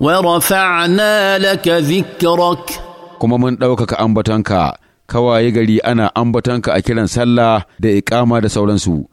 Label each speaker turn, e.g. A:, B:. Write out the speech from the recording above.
A: ورفعنا لك ذكرك kuma mun ɗaukaka ambatanka kawaye gari ana ambatanka a kiran sallah da iƙama da sauransu